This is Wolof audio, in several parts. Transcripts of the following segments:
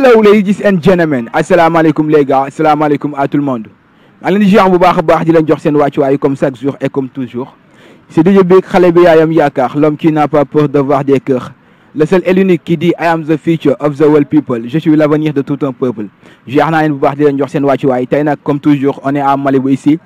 hello ladies and gentlemen asalaamaaleykum les gars asalaamaaleykum à tout bu baax a baax di leen jox seen wàccuwaay comme chaque jour et comme toujours c'est DJ Big xale bi yaayam yaakaar l'homme qui n'a pas peur d'avoir des cœurs le seul et I am the future of the world people je suis l'avenir de tout un peuple jeex naa leen bu baax di leen jox seen wàccuwaay tey nag comme toujours on est à Malibu ici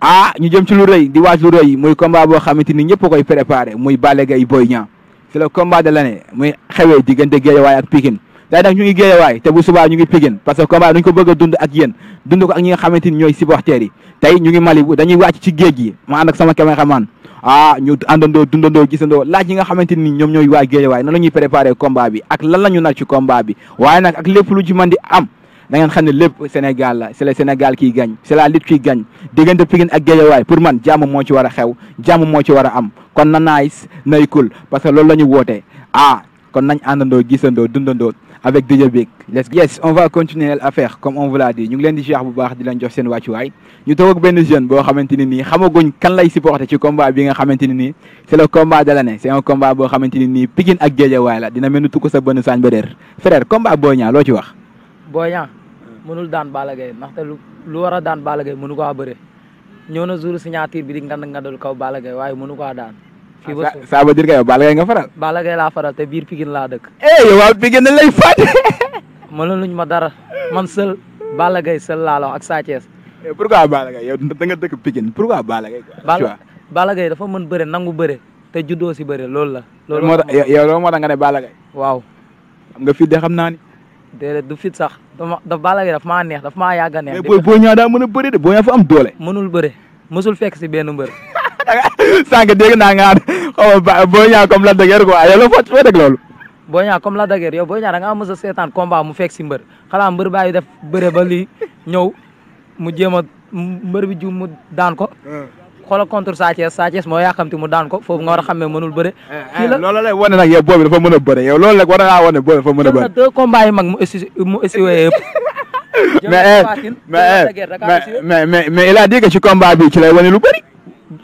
ah ñu jëm lu rëy di waaj lu rëy muy combat boo xamante ni ñëpp koy préparé muy Balla Gaye Boy Niang c'est le combat de l'année muy xewee diggante Guédiawaye ak tey nag ñu ngi géejawaay te bu subaa ñu ngi Pikine parce que combat dañu ko bëgg a dund ak yéen dund ko ak ñi nga xamante ni ñooy supporters yi tey ñu ngi Mali dañuy wàcc ci géej gi ma ànd sama caméraman ah ñu àndandoo dundandoo gisandoo laaj ñi nga xamante ni ñoom ñooy waa géejawaay nan la ñuy préparé combat bi ak lan la ñu nar ci combat bi waaye nag ak lépp lu ji mën di am nangeen xam ne lépp Sénégal la c'est le Sénégal kiy gañ c'est la lutte kiy gañ diggante Pikine ak Guédiawaye pour man jàmm moo ci war a xew jàmm moo ci war a am kon na naay nay kul parce que loolu la ñu woote ah kon nañ àndandoo gisandoo dundandoo avec DJ Big let's on va continuer l'affaire comme on vous l'a dit ñu ngi leen di ziar bu baax di leen jox seen wàccuwaay ñu toog ak benn jeune boo xamante ne nii xamaguñ kan lay supporter ci combat bi nga xamante ne nii c'est le combat de l'année c'est un combat boo xamante ne nii Pikine ak Guédiawaye la dina mel ni tukku sa bënn saañ ba déer frère combat Boy Niang loo ci wax Boy Niang mënul daan Balla Gaye ndaxte lu lu war a daan Balla Gaye mënu ko bëre ñëw na jour bi di ngand ngandal kaw Balla waaye mënu ko daan fii ba suuf ça veut dire que yow Balla Gaye nga faral. Balla Gaye laa faral te biir Pikine laa dëkk. eh yow waa Pikine dañ lay fàtte. mënuñ ma dara man seul Balla Gaye seul ak Sa Thiès. Eh, pourquoi Balla Gaye yow da nga dëkk Pikine pourquoi Balla Gaye. Balla dafa mën bëre nangu bëre te juddoo si bëre loolu la. loolu moo tax yow loolu nga ne Balla Gaye. waaw. xam nga fit de xam naa ni. déedéet du fit sax dama da Balla Gaye maa neex daf maa yàgg a neex. mais boo boo ñaa daa mën a bëre de boo ñaa fa am doole. mënul bëre mësul fekk si benn mbër sànq dégg naa nga xaw ma Boy Niang comme Lac de Guiers quoi yow la foo foo teg loolu. Boy Niang comme Lac de Guiers yow Boy Niang da ngaa mës a seetaan combat mu fekk si mbër xanaa ba bàyyi def bëre ba lii mu jéem a mbër bi ju mu daan ko. Eh. xoolal contre Sa Thiès Sa Thiès moo mu daan ko foofu nga war a xam ne mënul bëre. Eh, eh, la loolu lay wane nag yow boobu dafa mën a bëre yow loolu nag war naa wane boobu dafa mën a bëre. deux mu essu mu essuwee yëpp. mais mais mais mais il a dit que ci combat lu bëri.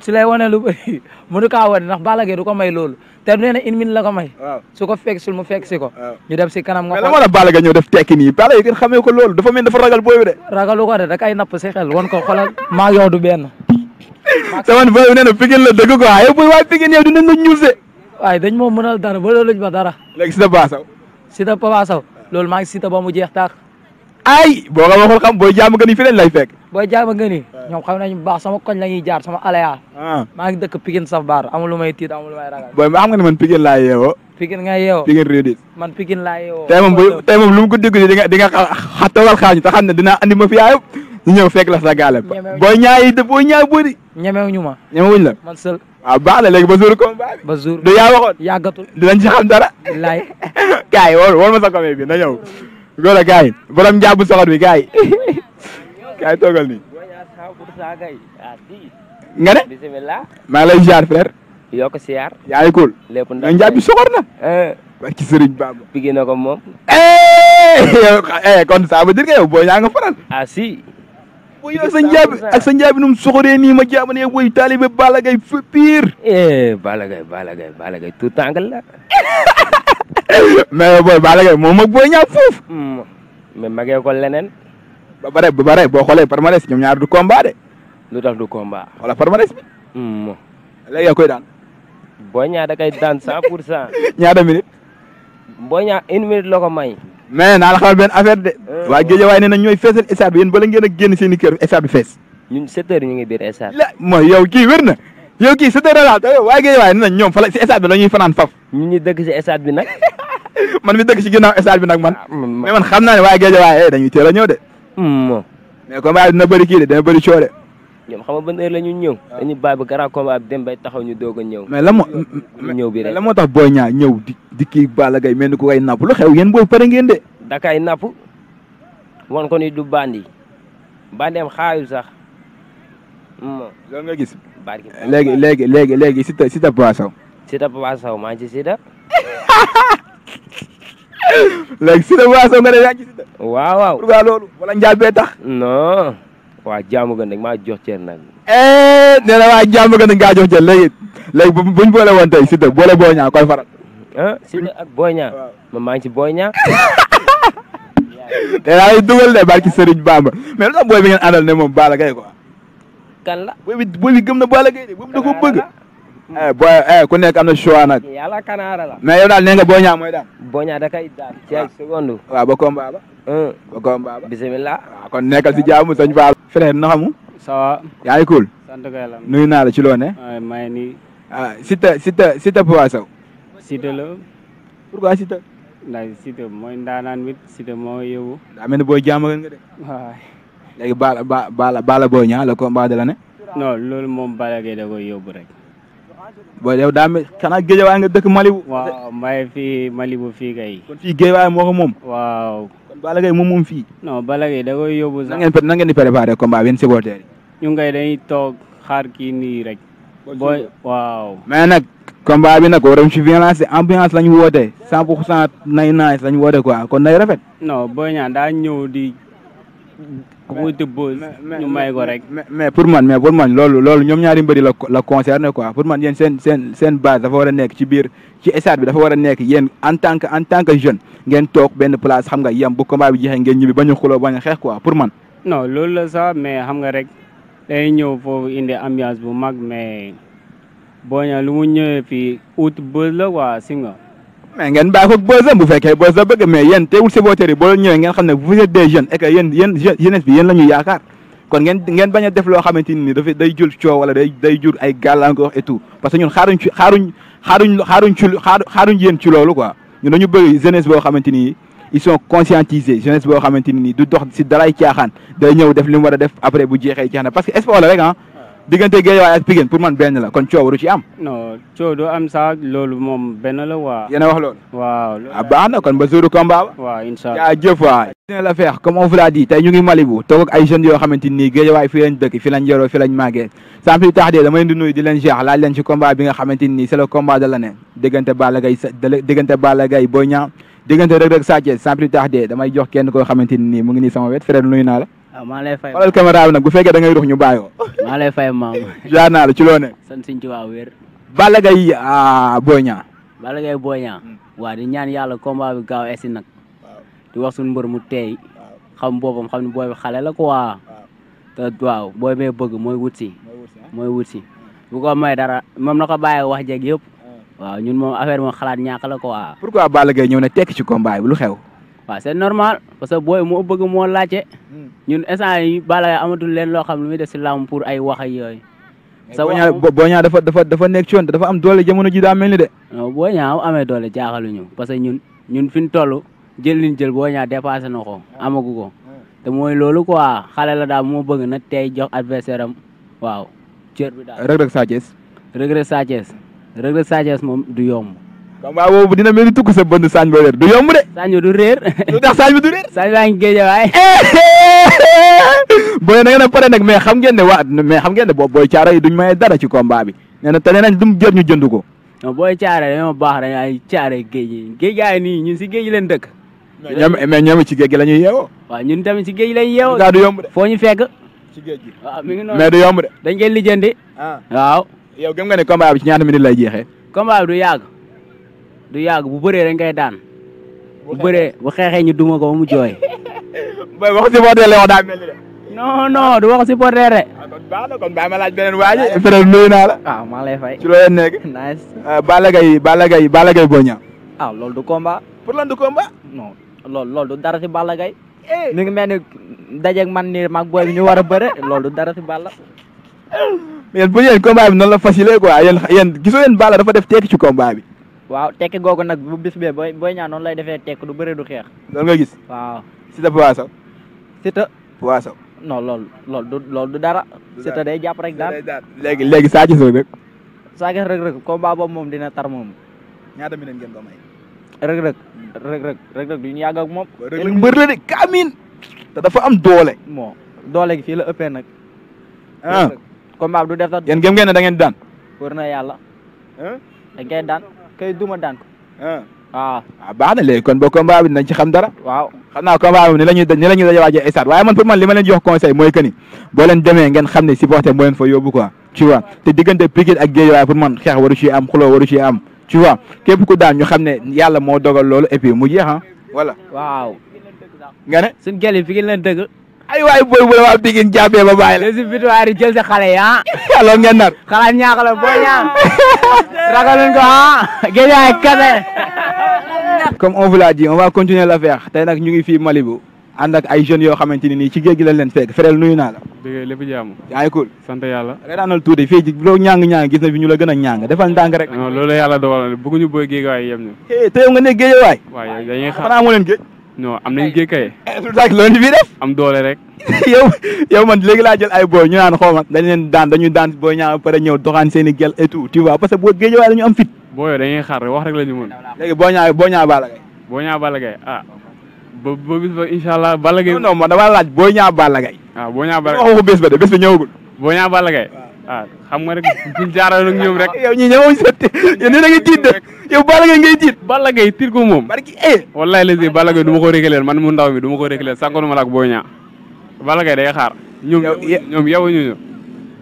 si lay wane lu bëri mënu kaa wane ndax Balla Gaye du ko may lool te nee na une la ko may. su ko fekk sul mu fekk si ko. ñu dem si kanam nga. mais lan moo tax Balla Gaye ñëw def tekki nii Balla Gaye xamee ko dafa mel dafa ragal booy bi de. ragalu ko de da kay napp si xel wan ko xoolal maa yow du benn. sama booy bi nee na Pikine la dëgg ko yow bu waay Pikine yow dinañ la ñuulse. waaye dañ moo mënal dara ba loolu lañ ba dara. léegi si da Papa Sow. si da Papa Sow loolu maa ngi si da ba mu jeex taax ay boo ko boo xam booy a gëni fi lañ lay fekk booy a gëni eh. ñoom xam nañu baax sama koñ la ñuy jaar sama alaya ah. maa ngi dëkk Pikine saf baar amul lu may tiit amul lu may ragal booy ma xam nga ne man Pikine laa yeewoo Pikine nga yeewoo Pikine rédit man Pikine laa yeewoo tey moom bu tey moom di nga di nga xatawal xaañu te xam ne dinaa andi ma fi yaayu ñu ñëw fekk la sa gaale booy ñaayi de booy ñaay bëri ñemewuñu ma ñemewuñ la man seul waaw ah, baax na léegi ba jour combat ba jour du yaa waxoon yàggatul dinañ ci dara laay gars yi wool wool ma sa combat bi na góor a gars yi borom njaabu soxor bi gars yi gars yi ah, nga ne. maa ngi lay ziar frère. yokk ziar. yaa ngi cool. lépp ndax njaabu soxor na. Eh. barki Serigne Bamba. pigi na ko moom. Eh, eh, kon ça veut dire que nga faral. ah si. bu yow sa njaabi ak sa njaabi nu mu soxoree nii ma jaamu ne booy taalibe Balla Gaye pire. Balla Gaye Balla Gaye Balla Gaye tout tàngal mais booy Balla Gaye moom ma Boy Niang foofu. Hmm. mais magee ko leneen. ba pare ba boo xoolee palmarès ñoom ñaar du combat de. lu tax du combat. wala palmarès bi. Hmm. léegi koy daan. Boy Niang da koy daan cent pour cent. ñaata minute. Boy Niang une minute la ko may. naa la xamal benn affaire de. Euh, waa géej waaye nee na ñooy feesal stade bi yéen bala ngeen a génn seen i kër stade bi fees. ñun sept heures ñu ngi biir stade. la mooy yow kii wér na. yow kii c'est dara laal waaye géej waaye nañ ñoom fa la si stade bi la ñuy fanaan faf ñu ñi dëkk si stade bi nag man mi dëkk si ginnaaw stade bi nag man ah, mais man xam naa ne waaye géej waaye eh, dañuy teel a ñëw de mais combat bi dina bëri kii de dina bëri coole ñoom xam nga ban heure la ñu ñëw ah. dañu bàyyi ba grand combat bi dem bay taxaw ñu doog a ñëw mais la moo ñëw bi rek la moo tax booy ñaa ñëw di di kii Balla Gaye mel ni ku koy napp lu xew yéen boobu pare ngeen de dakaay napp wan ko ni du bandi bandeem xaayul sax loolu nga gis. barke léegi léegi léegi léegi Siteu Siteu Papa Sow. Siteu Papa Sow maa ngi ci Siteu. léegi Siteu Papa Sow nga ne yaa ngi ci Siteu. waaw waaw pourquoi loolu. wala njaal bee tax. non. waa jaamu gën nag maa jox ceen nag. Eh, nee na waa jaamu gën nag ngaa jox ceen léegi léegi buñ boole woon tey Siteu boole Boy Niang koy faral. ah Siteu ak Boy Niang. waaw man maa ngi ci Boy Niang. te daal di dugal de barki Serigne Bamba mais lu tax booy bi ngeen àndal ne moom Balla Gaye quoi. kan la. booy bi gëm na Balla Gaye de boobu da ko bëgg. eh booy eh ku nekk na choix nag. yàlla kanaara la. mais yow daal nee nga Boy Niang daan. Boy Niang daan. ci ay ah. seconde. waaw ah, kon nekkal si jaamu sëñ Ba. na xamu. ça va. yaa ngi cool. sant kay la. nuyu naa la ci loo ne. waaye maa ngi nii. ah Siteu la. pourquoi Siteu. ndax Siteu mooy ndaanaan bi booy jaamu nga de. léegi Balla Balla Balla Boy Niang le combat de l'année. non loolu moom Balla Gaye da koy rek. booy yow daa mel xanaa géejawaay nga dëkk Malibu. waaw may fii Malibu fii kay. kon fii géejawaay moo moom. waaw. kon Balla Gaye moom moom fii. non Balla Gaye da koy yóbbu sax. na ngeen na ngeen di préparé combat benn supporter yi. ñu ngay dañuy toog xaar kii nii rek. booy waaw. mais nag combat bi nag waroon ci violence ambiance la ñu woote cent pour cent nay naaj la ñu woote quoi kon nay daa ñëw di. ku muy tëb mais pour man mais pour man loolu loolu ñoom ñaari mbëri la la concerné quoi pour man yéen seen seen seen dafa war a nekk ci biir ci stade bi dafa war a nekk yéen en tant que en tant que jeune ngeen toog benn place xam nga yem bu combat bi jeexee ngeen ñibbi bañ a xuloo bañ a xeex quoi pour man. non loolu la sax mais xam nga rek day ñëw foofu indi ambiance bu mag mais boo ñëwee lu mu ñëwee fii août bës la quoi si nga. mais ngeen bàyyi ko Boy Dieul bu fekkee Boy Dieul bëgg mais yéen teewul supporters yi boo ñëwee ngeen xam ne vous êtes des jeunes et que yéen bi yéen la ñuy kon ngeen ngeen bañ a def loo xamante ni dafay day jur coow wala day day jur ay gàllankoor et parce que ñun xaaruñ ci xaaruñ xaaruñ xaaruñ ci xaaruñ yéen ci loolu quoi ñun dañu bëgg jeunesse boo xamante ni ils sont conscientisés jeunesse boo xamante ni du dox si dalay caaxaan day ñëw def li mu war a def après bu jeexee jeex na parce que sport la rek ah. diggante Guédiawaye ak Pikine pour man benn la kon coow waru ci am. non coow du am sax loolu moom benn la waa. yéen a wax loolu. waaw ah baax na kon ba jour combat ba. waaw incha allah jaajëf waay. dina comme on vous l'a dit ñu ngi Malibu toog ak ay jeunes yoo xamante ni Guédiawaye fii lañ dëkk fii lañ yoroo fii lañ màggee sans plus tarder leen di nuyu di leen jeex laaj leen ci combat bi nga xamante ni c'est le combat de l'année diggante Balla Gaye diggante Balla diggante Reug Reug Sa Thiès sans jox kenn koo xamante ni nii sama wet frère nuyu naa la waaw ah, maa lay fay xoolal bu fekkee da ngay ñu bàyyoo. maa lay fay maam. jaar naa la ci loo nekk. sant suñu ci waa wér. Balla Gaye ah, Boy Niang. Balla hmm. waa di ñaan yàlla combat bi gaaw essi nag. di wax suñu mbër mu teey xam boppam xam ne booy bi xale la ko te waaw booy bee bëgg mooy wut si. mooy wut si ah. bu ko may dara moom na ko baay wax jeeg yëpp. Hmm. waaw ñun moom affaire moom xalaat ñàkk la quoi. pourquoi Balla Gaye ñëw ne tekki ci combat bi lu xew. waaw c'est normal parce que booy moo bëgg moo laajte hmm. ñun instant yi Balla Gaye amatul leen loo xam lu muy def si làmb pour ay wax ak yooyu. sa wax Boy Niang dafa dafa dafa nekk ci yoon dafa am doole jamono ji daa mel ni de. non Boy Niang amee doole jaaxaluñu parce que ñun ñun fi ñu toll jël liñ jël Boy Niang dépassé na ko hmm. amagu ko hmm. te mooy loolu quoi xale la daal moo bëgg na tey jox adversaire am waaw. cër bi daal Reug Reug Sa Thiès. Reug moom du yomb. combat bu dina mel ni tukk sa bënd saañ ba réer du yomb de. saañ bi du réer. lu tax saañ baa ngi géej booy na ngeen pare nag mais xam ngeen ne waa mais xam ngeen ne boobu booy caara yi duñ maye dara ci combat bi nee na tane nañ dum jër ñu jënd ko. non booy caara dañoo ay caara géej yi géej gaay nii ñun si géej leen dëkk. ñoom mais ñoom ci géej gi la ñuy yeewoo. waa ñun tamit si géej lañ yeewoo. du yomb de foo ñu fekk. ci géej gi waaw mi ngi noonu mais du yomb de. dañ koy ah. waaw. yow gëm nga ne combat bi ci ñaata minute lay jeexee. combat bi du yàgg du yàgg bu bëree rek ngay daan. bu bëree bu xeexee ñu duma ko ba mu jooy. booy wax supporter la wax mel ni de. non non du wax supporter de. Ah, kon baax na a bàyyi ah, lay fay. ci loo leen nekk. nice. a ah, lool du komba pour lan du combat. non loolu loolu du dara si Balla Gaye. Eh. mel ni dajeeg man nii mag booy bi war a bëre loolu du dara si Balla. yéen pour yéen combat bi noonu la facilité quoi yéen yéen gisoo yéen Balla def tekki ci combat bi. waaw tekki googu nag bu bis bee booy booy ñaan noonu lay defee tekk du bëre du xeex. loolu nga gis. waaw Siteu Papa Sow. Siteu. Papa Sow. lool loolu du loolu dara. Siteu day jàpp rek daal léegi léegi saa gis rek rek. saa gis rek rek moom dina tar moom. ñaata minute ngeen ko may. rek rek rek rek rek ak moom. rek rek mbër la de kaamin. te dafa am doole. moo doole gi fii la ëppee nag. ah combat du def sax. yéen gëm ngeen ne da ngeen di daan. na yàlla. da ngeen daan. kay duma daan ko. waaw ah. ah. waaw ah, baax na léegi kon ba combat bi nañ ci xam dara. waaw xam naa combat ni la ñuy ni la waaye man pour man li leen jox conseil mooy que ni boo ngeen xam ne supporter moo leen fa yóbbu quoi tu vois te diggante Pikine ak Guédiawaye pour man xeex waru am xuloo waru am tu vois képp ku daan ñu xam ne yàlla moo dogal loolu et puis mu jeex waaw. nga ne suñu gel yi fi ay waay booy bu la waaw digin jàppee ba bàyyi la. les victoire yi jël sa xale yi ah. loolu ngeen nar. xalaat ñaax la booy ñaax. ragaluñ ko ah. géej ay kese. comme on vous l'a dit on va continuer l'affaire tey nag ñu ngi fii Malibu ànd ak ay jeunes yoo xamante ni nii ci géej gi lañ leen fekk frère nuyu naa la. dëgg lépp jàmm. yaa ngi cool. sant yàlla. reetaanal tuuti fii loo ñàng ñàng gis na fi ñu la gën a ñàng defal ndànk rek. non loolu yàlla dogal na bëgguñu booy géej waay yem ñu. tey nga ne géej waay. waaw dañuy xaar xanaa moo leen géej no am nañ géej kay. Zak eh, loolu fi def. am doole rek. yow yow man léegi laa jël ay booy ñu naan xaw ma dañ leen daan dañuy daan booy ñaa ba pare ñëw doxaan seen i gel et tout tu vois parce que boo géej waaye dañu am fit. booyoo dañuy xaar wax rek la ñu mën. léegi boo ñaa boo ñaa Balla Gaye. boo ñaa Balla Gaye ah. incha allah Balla Gaye. non non laaj boo ñaa Balla Gaye. ah boo ñaa Balla ah xam nga rek buñ jaaroon ak ñoom rek. yow ñii ñoom yéen da ngay tiit de yow Balla Gaye ngay tiit. Balla Gaye tiit ko moom. barki eh. wallaahi les Balla Gaye du ma ko régleel man mu ndaw mi du ma ko régleel sànqoon ma la ak boo ñaa Balla Gaye day xaar. ñoom ñoom yow ñu ñu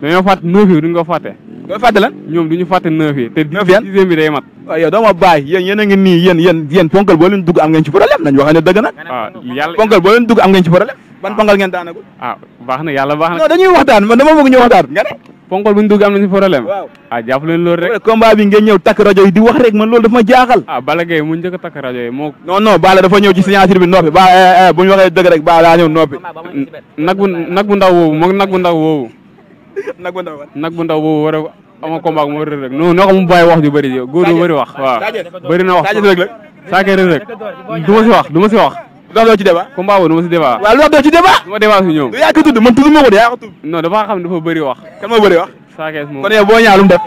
dañoo fàtte neuf yi duñ ko fàtte. doo fàtte lan ñoom duñu fàtte neuf yi. te dixième bi day mat. waaw ah, yow doo ma bàyyi yéen yéen a ngi nii yéen yéen yéen ponkal boo leen dugg am ngeen ci problème nañu waxee ne dëgg nag. waaw ah, yàlla ponkal boo leen dugg am ngeen ci problème. ban ah. ponkal ngeen daanagul. ah baax na yàlla baax na. non dañuy waxtaan man dama bëgg ñu waxtaan nga ne. ponkol bu ñu dugg am nañu problème ah jàpp leen loolu rek combat bi ngeen ñëw takk rajo yi di wax rek man loolu dafa ma jaaxal ah Balla mu njëkk a takk rajo yi moo non non Balla dafa ñëw ci signature bi noppi ba eh, eh, bu ñu waxee dëgg rek Balla daa ñëw noppi nag bu nag bu ndaw woowu moom nag bu ndaw woowu nag bu ndaw nag bu ndaw boobu war a ama moo rëg rek non noo mu bàyyi wax ju bëri góor du bëri wax waaw bëri na wax saake rëg rek du ma si wax lu ma si wax ndax doo ci débat. combat boobu du ma si débat. waaw lu tax doo ci débat. du ma débat si ñoom. yaa ko tudd man tudd ma ko de yaa ko tudd. non dafa xam dafa bëri wax. kan moo bëri wax. saa kees moom kon yow boo ñaa lu mu def.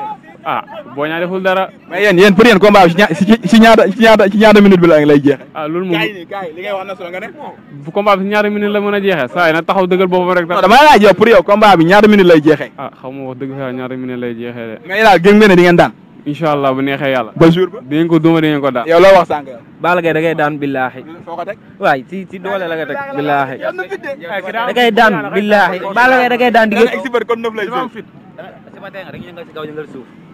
ah boo ñaa deful dara. mais yéen yéen pour yéen combat bi si ña si ñaata si ñaata si ñaata minute bi la lay jeexee. ah loolu moom kaay kaay li ngay wax na solo nga ne. bu combat bi si ñaata minute la mën a jeexee saa yi nag taxaw dëggal boppam rek. non dama la laaj yow pour yow combat bi ñaata minute lay jeexee. ah xaw ma wax dëgg fa ñaata minute lay jeexee de. mais daal gëm nga ne di ngeen daan incha allah bu neexee yàlla. ba jour ba dinañ ko duma dinañ ko daan. yow loo wax sànq. Balla Gaye da ngay daan billaahi. foo ko teg waay ci ci doole la nga teg. billaahi da ngay daan billaahi. Balla Gaye da ngay daan di nga. da nga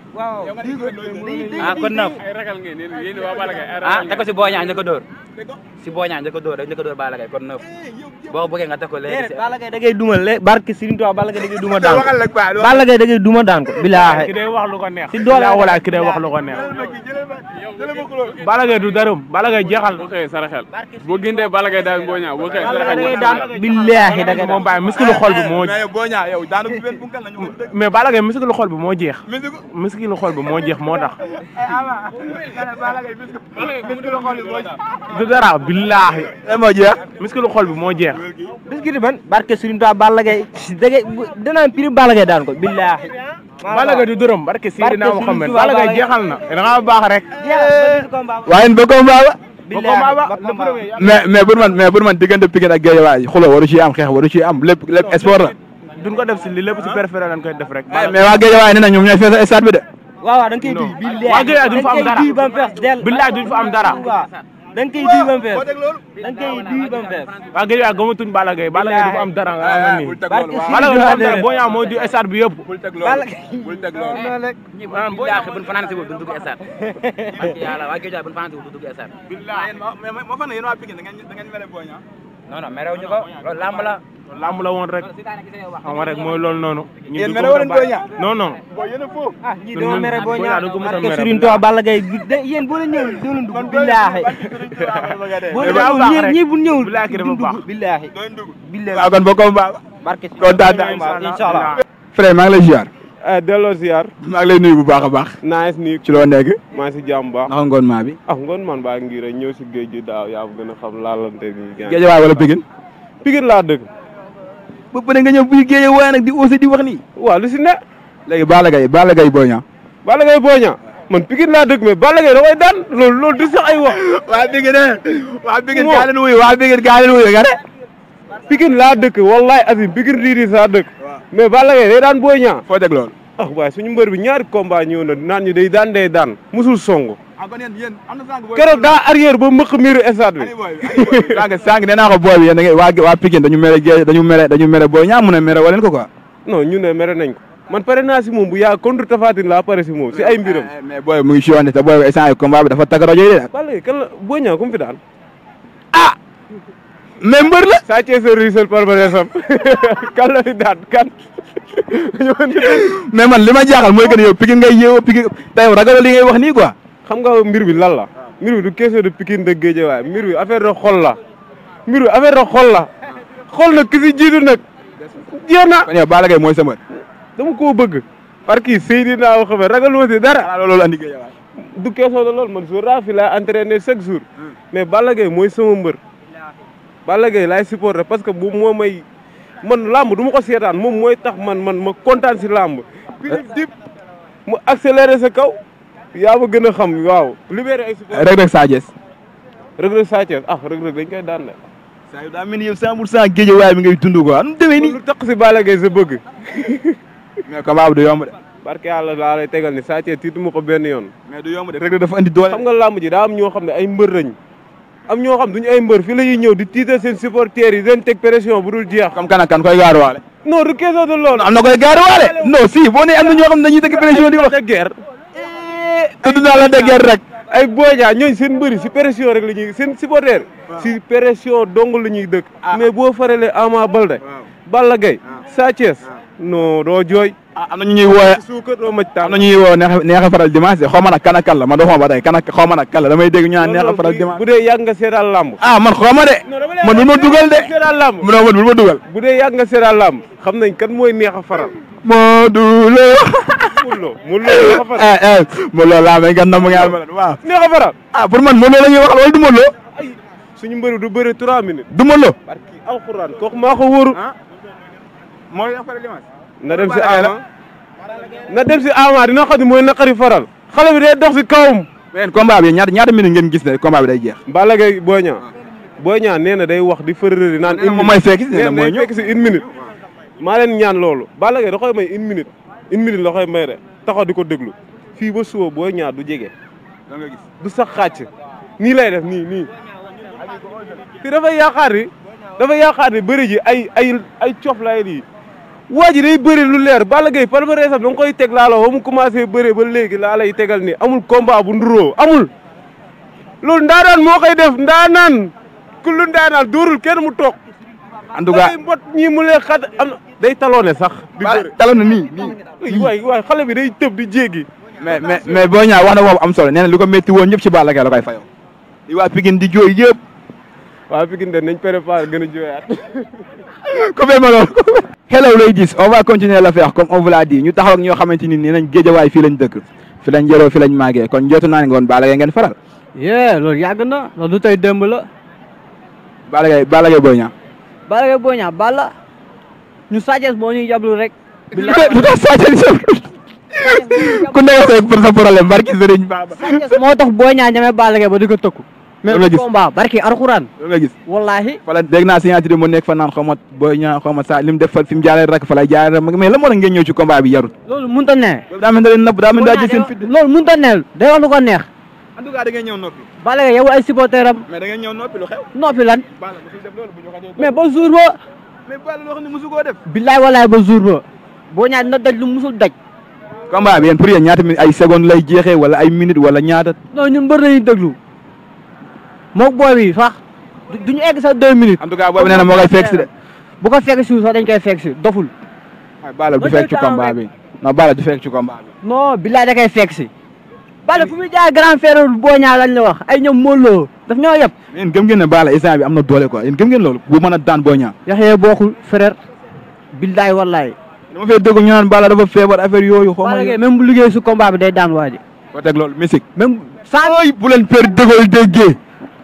waaw ah kon nag ah teg ko si booñaa ñu ko dóor si booñaa ñu ko dóor rek ñu ko dóor Balla Gaye kon neuf eh, boo bëggee nga teg ko léegi Balla Gaye da ngay duma léegi barke Serigne Touba Balla Gaye da ngay duma daan ko Balla Gaye da ngay duma daan ko bilaahi ki day wax lu ko neex si doole wala ki day wax lu ko neex Balla Gaye du darum Balla Gaye jeexal boo xëyee saraxel boo gindee Balla Gaye daan booñaa boo xëyee saraxel daan bilaahi da ngay moom bàyyi miskilu xol bi moo mais Balla Gaye miskilu xol bi moo jeex biski xool bi moo jeex moo tax. du dara billaahi. moo jeex. biski lu xool bi moo jeex. biski di ban barke Serigne a Balla Gaye dangay daan ko billaahi. Balla Gaye du dërëm barke Seydina Muhammad Balla Gaye jeexal na da ngaa baax rek. waaye ba combat ba. mais mais bu man a bu man diggante Pikine waru ci am xeex waru ci am lépp lépp sport duñ ko def si li lépp si ah. préféré lañ koy def rek. Eh, mais waa Guèye waaye nee na ñoom ñooy fees stade bi de. waaw waaw da nga koy duy. bii waa Guèye duñ fa am dara billaay duñ fa am dara. da nga koy duy ba mu fees da nga koy duy ba mu fees. waa Guèye waaye gëmatuñ Balla Gaye Balla Gaye dafa am dara nga xam ne nii. Balla Gaye dafa am dara boo ñaaw mooy duy stade bi yëpp. Balla Gaye bul teg loolu. maanaam boo ñaaw buñ fanaan si wul duñ dugg stade. waa Guèye waaye buñ fanaan si wul duñ dugg stade. billaay mais moo fa ne yéen waa Pikine da ngeen da ngeen mere boo ñaaw non non merew ñu ko loolu làmb la. loolu làmb la woon rek xam nga rek mooy loolu noonu. ñu dugg ko ba non non. ah ñii dama mere boo ñaax barke Serigne Touba Balla Gaye yéen boo leen ñëwul doo leen dugg billaahi. boo leen ñëwul ñii bu ñëwul dugg billaahi. billaahi waaw kon ba comme ba. barke Serigne Touba incha allah. frère maa ngi lay ziar. Eh, delloo ziar. maa bu baax a baax. naa nii ci loo nekk. maa ngoon maa bi. ah ngoon man baa ngi rek ñëw si géej gi daaw yaa gën a xam laalante bi. géej waay wala Pikine. Pikine laa dëgg. ba pare nga ñëw bu géej waaye nag di osé di wax nii. waaw lu si ne. léegi Balla Gaye Balla Gaye Boy Niang. Balla Gaye Boy Niang man Pikine laa dëgg mais Balla Gaye da koy daan lool loolu du sax ay wax. waa Pikine eh. waa Pikine gaa leen wuyu waa Pikine gaa leen wuyu nga ne. Pikine laa dëkk wallaay Azim Pikine riiri dëkk mais Balla Gaye day daan Boy Niang. foo teg loolu. ah waaye suñu mbër bi ñaari combat ñëw na naan ñu day daan day daan musul song. ah kon yéen am na sànq. keroog daa arrière ba mëq miiru stade naa ko booy bi yéen da waa waa Pikine dañu mere jé dañu mere dañu mere Boy Niang mu ne ne mere nañ man pare naa si moom bu yaa contre Tafatine laa pare si moom si ay mbiram. Eh, booy mu ngi si yoon booy bi instant combat bi dafa tag rajo yi de. Balla Gaye kan la fi daan ah mais mbër la. sa ruisseau par sam kan la fi daan kan. mais man li ma jaaxal mooy que ne yow Pikine ngay yeewoo Pikine tey ragal li ngay wax nii quoi. xam nga mbir bi lan la. mbir bi du question de Pikine de Guédiawaye mbir bi affaire de xol la. mbir bi affaire de xol la. xol nag ki si jiitu nag. jeex na kon yow Balla Gaye mooy sa mbër. dama koo bëgg. parce que Seydina wax nga ragaluma si dara. loolu andi Guédiawaye. du question de loolu man jour raa fi laa entraîné chaque jour. Hmm. mais Balla Gaye mooy sama mbër. Balla Gaye laay supporter parce que bu moo may man làmb du ma ko seetaan moom mooy tax man man ma kontaan si làmb. prix dip mu accéléré sa kaw yaa ma gën a xam waaw. libéré ay supporter Reug Reug Sa Thiès. Reug ah, Reug daan de. saa yu daa mel ni yow 100 pour 100 géej waaye mi ngay dund quoi ah, nu mu demee nii. lu tax si Balla Gaye sa bëgg. mais combat du yomb de. barke yàlla laa lay tegal ni Sa Thiès tiitu ma ko benn yoon. mais du yomb de Reug Reug dafa andi doole. xam nga làmb ji daa ñoo xam ne ay mbër am ñoo xam duñu ay mbër fi la ñuy ñëw di tiital seen supporters yi leen teg pression bu dul jeex. comme kan kan koy gaaruwaale. non du question am na koy gaaruwaale. non si na ñoo xam ne dañuy teg pression di wax. de eh, guerre. tudd naa la de guerre rek. ay booja ñooñ seen mbëri si pression rek la ñuy seen supporter si pression dong la ñuy dëkk. Ah. mais boo faralee Ama Baldé. Balla Gaye. Ah. Sa Thiès. Ah. non doo jooy. ah am na ñu ñuy wooyee am na ñu ñuy wooyee neex a faral dimanche de xaw ma nag kan ak kan la man doxuma xaw ma nag kan la damay dégg ñu naan neex a faral dimanche. bu dee yàgg nga seetaan lamb. ah man xaw ma de. ma dugal de. man man ma dugal. bu dee yàgg nga seetaan lamb xam nañ kan mooy neex a faral. Modou Lo. Modou Lo Modou Lo neex a faral. Eh, eh, Modou Lo laa may gan na mu ngi a faral. ah pour man Modou Lo la ñuy du Modou Lo. suñu mbëri du bëri 3 minutes. du ko wóoru. Ah. mooy faral dimanche. na dem si ama na si ama dina xam ne mooy naqari faral xale bi day dox si kawam. mais combat bi ñaata ñaata minute ngeen gis ne combat bi day jeex. Balla Gaye Boy Niang boo Niang nee na day wax di fërërëri naan. une minute may fekk si nee na minute. maa leen ñaan loolu Balla Gaye da koy may une minute une minute la may de taxaw di ko déglu fii ba suba Boy Niang du jege. da nga du sax xàcc nii lay def nii nii. te dafay yaakaar ni dafay yaakaar ni bëri ji ay ay ay coflaay yi. waa ji day bëri lu leer Balla Gaye palmarès am da nga koy teg laa la ba mu commencé bëree ba léegi laa lay tegal ni amul combat bu nduroo amul loolu ndaanaan moo koy def ndaanaan ku lu ndaanaan dóorul kenn mu toog en tout cas mbot ñii mu lee xat day taloone sax di bëri taloone nii nii waay waay xale bi day tëb di jéegi mais mais mais boo ñaa wax na boobu am solo nee na lu ko métti woon ñëpp ci Balla Gaye la koy di jooy yëpp waa Pikine de nañ préparé gën a jiwaat. ku fee ma hello ladies on va continuer l'affaire comme on vous l'a dit ñu taxaw ak ñoo xamante ni nee nañ waay fii lañ dëkk fi lañ yaroo fi lañ màggee kon jotu naa ne ngoon Balla Gaye faral. yee loolu yàgg na loolu du tey démb la. Balla Gaye Balla Gaye Boy Niang. Balla Gaye Boy Niang Balla ñu Sa Thiès moo ñuy jablu rek. lu tax Sa sa moo tax Boy Niang ñeme Balla Gaye ba di ko tëkku. loolu nga gis combat barki alxuraan loolu nga gis wallaahi fala dégg naa signature bi mu nekk fa naan xaw ma booy ñaa xaw ma saa li mu def fa fi mu jaaree rak fa lay jaaree mais la moo tax ngeen ñëw ci combat bi yarut loolu mënut a ne daa mel ne leen napp daa mel ne daa jël seen fit loolu mënut a ne day wax lu ko neex en tout cas da ngeen ñëw noppi Balla Gaye yow ay supporteram mais da ngeen ñëw noppi lu xew noppi lan mais ba jour ba mais Balla loo xam ne musu koo def billaay walaay ba jour ba boo ñaa dina daj lu musul daj combat bi yéen pour yéen ñaata ay seconde lay jeexee wala ay minute wala ñaata non ñun mbër lañuy déglu moog booy bi sax duñu egg sax deux minutes. en tout cas boobu nee na moo koy fekk de. bu ko fekk si sax dañ koy fekk si doful. waaye Balla du fekk ci combat bi non Balla du fekk ci noo bi. non billaay da koy fekk si. Balla fu muy jaay grand frère booñaa lañ la wax ay ñoom Mawlo daf ñoo yëpp. yéen gëm ne Balla instant bi am na doole ko yéen gëm ngeen loolu bu mën a daan booñaa. yaxee bokkul frère billaay wallaay. dama fee dégg ñu naan Balla dafa yooyu. xaw ma même bu liggéey su combat bi day daan waa ji. ba teg bu leen peur dégol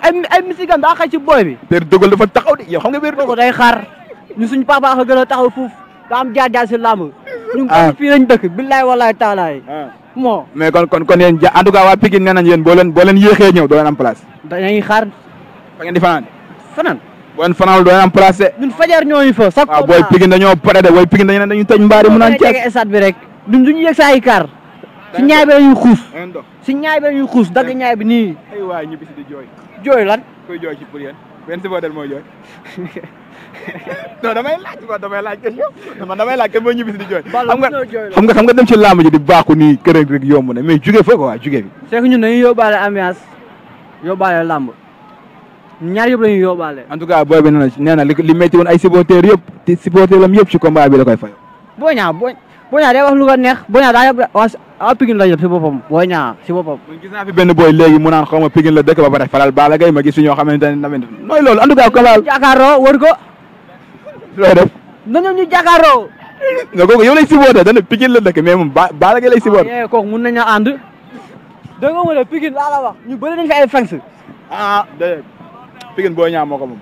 ay ay misigan daa xay ci booy bi. Père Dégol dafa taxaw de yow xam nga Père Dégol day xaar ñu suñu papa a gën a taxaw fuuf nga am jaar-jaar si làmb. Ah. ñu fii lañ dëkk billaay walaay taalaay. Ah. moo mais kon kon kon yéen ja en tout cas waa Pikine nee nañ yéen boo leen boo leen yéexee ñëw doo leen am place. dañuy xaar. fa ngeen di fanaan. fanaan. boo leen fanaanul doo leen am place de. ñun fajar ñooñu fa. sax waaw ah, booy Pikine dañoo pare de booy Pikine dañu ne dañu toj mbaari mu naan ceeb stade bi rek duñ duñu yëg sa ay kaar. si ñaay bi la ñuy xuus. si ñaay bi la ñuy xuus dagg ñaay bi nii. ay waay ñibbi si di jooy. jooy lan. kuy jooy ci pour yéen benn supporter mooy jooy. non damay laaj quoi damay laaj kenn yow man damay laaj kenn moo ñibbi si di jooy. xam nga xam nga xam nga dem ci làmb ji di baaxu na mais jugee fa quoi jugee bi. c'est que ñun dañuy yóbbaale ambiance yóbbaale làmb ñaar yëpp lañuy booy bi nee na nee li métti woon ay supporter yëpp te supporter lam yëpp ci combat bi la koy fayoo. boo ñaaw Boy Niang day wax lu ko neex Boy Niang daa yab waa Pikine la yab si boppam Boy Niang si boppam. man gis naa fi benn boy léegi mu naan xaw ma Pikine la dëkk ba pare falal Balla Gaye ma gis fi ñoo xamante ne tamit mooy loolu en tout cas. jàkkaarloo wër ko. looy def. nañu ñu jàkkaarloo. nga kooku yow lay supporté dana Pikine la dëkk mais moom Balla Gaye lay ah, supporté. waaw kooku mun nañu ànd. dégg nga mooy Pikine laa la wax ñu bëri nañu fi ay fans. ah déedéet Pikine Boy Niang moo ko moom.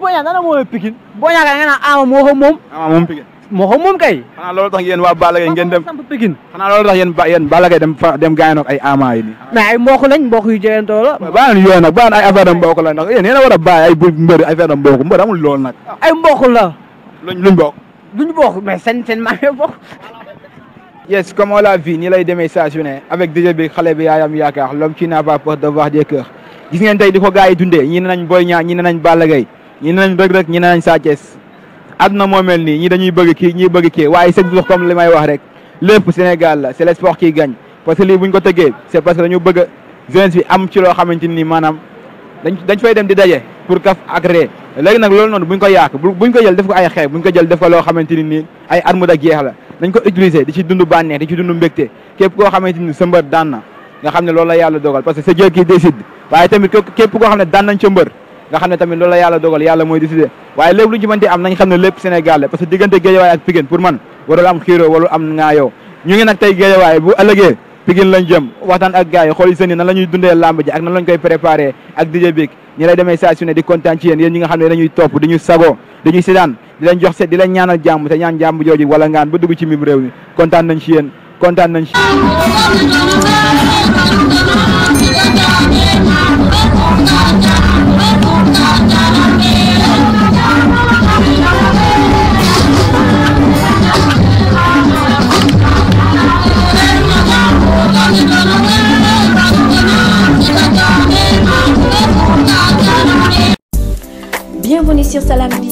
Boy Niang nan la moo Pikine. Boy Niang nga naan Ama moo ko moom. Ama moom Pikine. moo ko moom kay. xanaa loolu tax yéen waa Balla ngeen dem samp Pikine. xanaa loolu tax yéen ba yéen Balla Gaye dem fa dem ay ama yi nii. mais ay mbokk lañ mbokk yu jegentoo la. baax na yooyu nag baax na ay affaire am mbokk la ndax yéen yéen a war a la. luñ luñ bokk. luñ bokk mais seen seen maa ngi bokk. yes comme on l'a vu nii lay demee saa su ne avec DJ bi xale bi yaayam yaakaar l'homme qui n'a pas peur de voir des tey di ko gars yi dundee ñi ne nañ Boy Niang ñi ne nañ Balla Gaye ñi ne nañ Reug Reug ñi ne nañ Sa àdduna moo mel nii ñii dañuy bëgg kii ñuy bëgg kii waaye chaque jour comme li may wax Sénégal la c'est le sport qui gagne parce que lii buñ ko tëggee c'est parce que dañu bëgg jeunesse bi am ci loo xamante ni maanaam dañ dañ fay dem di daje pour kaf ak ree léegi nag loolu noonu buñ ko yàq buñ ko jël def ko ay xeex buñ ko jël def ko loo xamante ni nii ay arme de guerre la dañ ko utiliser di ci dund bànneex di ci dund mbégte képp koo xamante ni sa mbër daan na nga xam ne loolu la yàlla dogal parce que c'est Dieu qui décide waaye tamit képp koo xam ne daan nañ ca mbër nga ne tamit loolu la yàlla dogal yàlla mooy décidé waaye lépp lu ci mënti am nañ xam ne lépp Sénégal la parce que diggante Guédiawaye ak Pikine pour man warul am xiiroo warul am ŋaayoo ñu ngi nag tey Guédiawaye bu ëllëgee Pikine lañ jëm waxtaan ak gars yi xool seen yi nan la ñuy dundee làmb ji ak nan lañ koy préparé ak DJ Big lay demee saa di kontaan ci yen yéen ñi nga xam ne dañuy topp dañuy sago dañuy sidaan di leen jox set di leen ñaanal jàmm te ñaan jàmm jooju wala ngaan ba kontaan nañ ci kontaan nañ ci sur Salam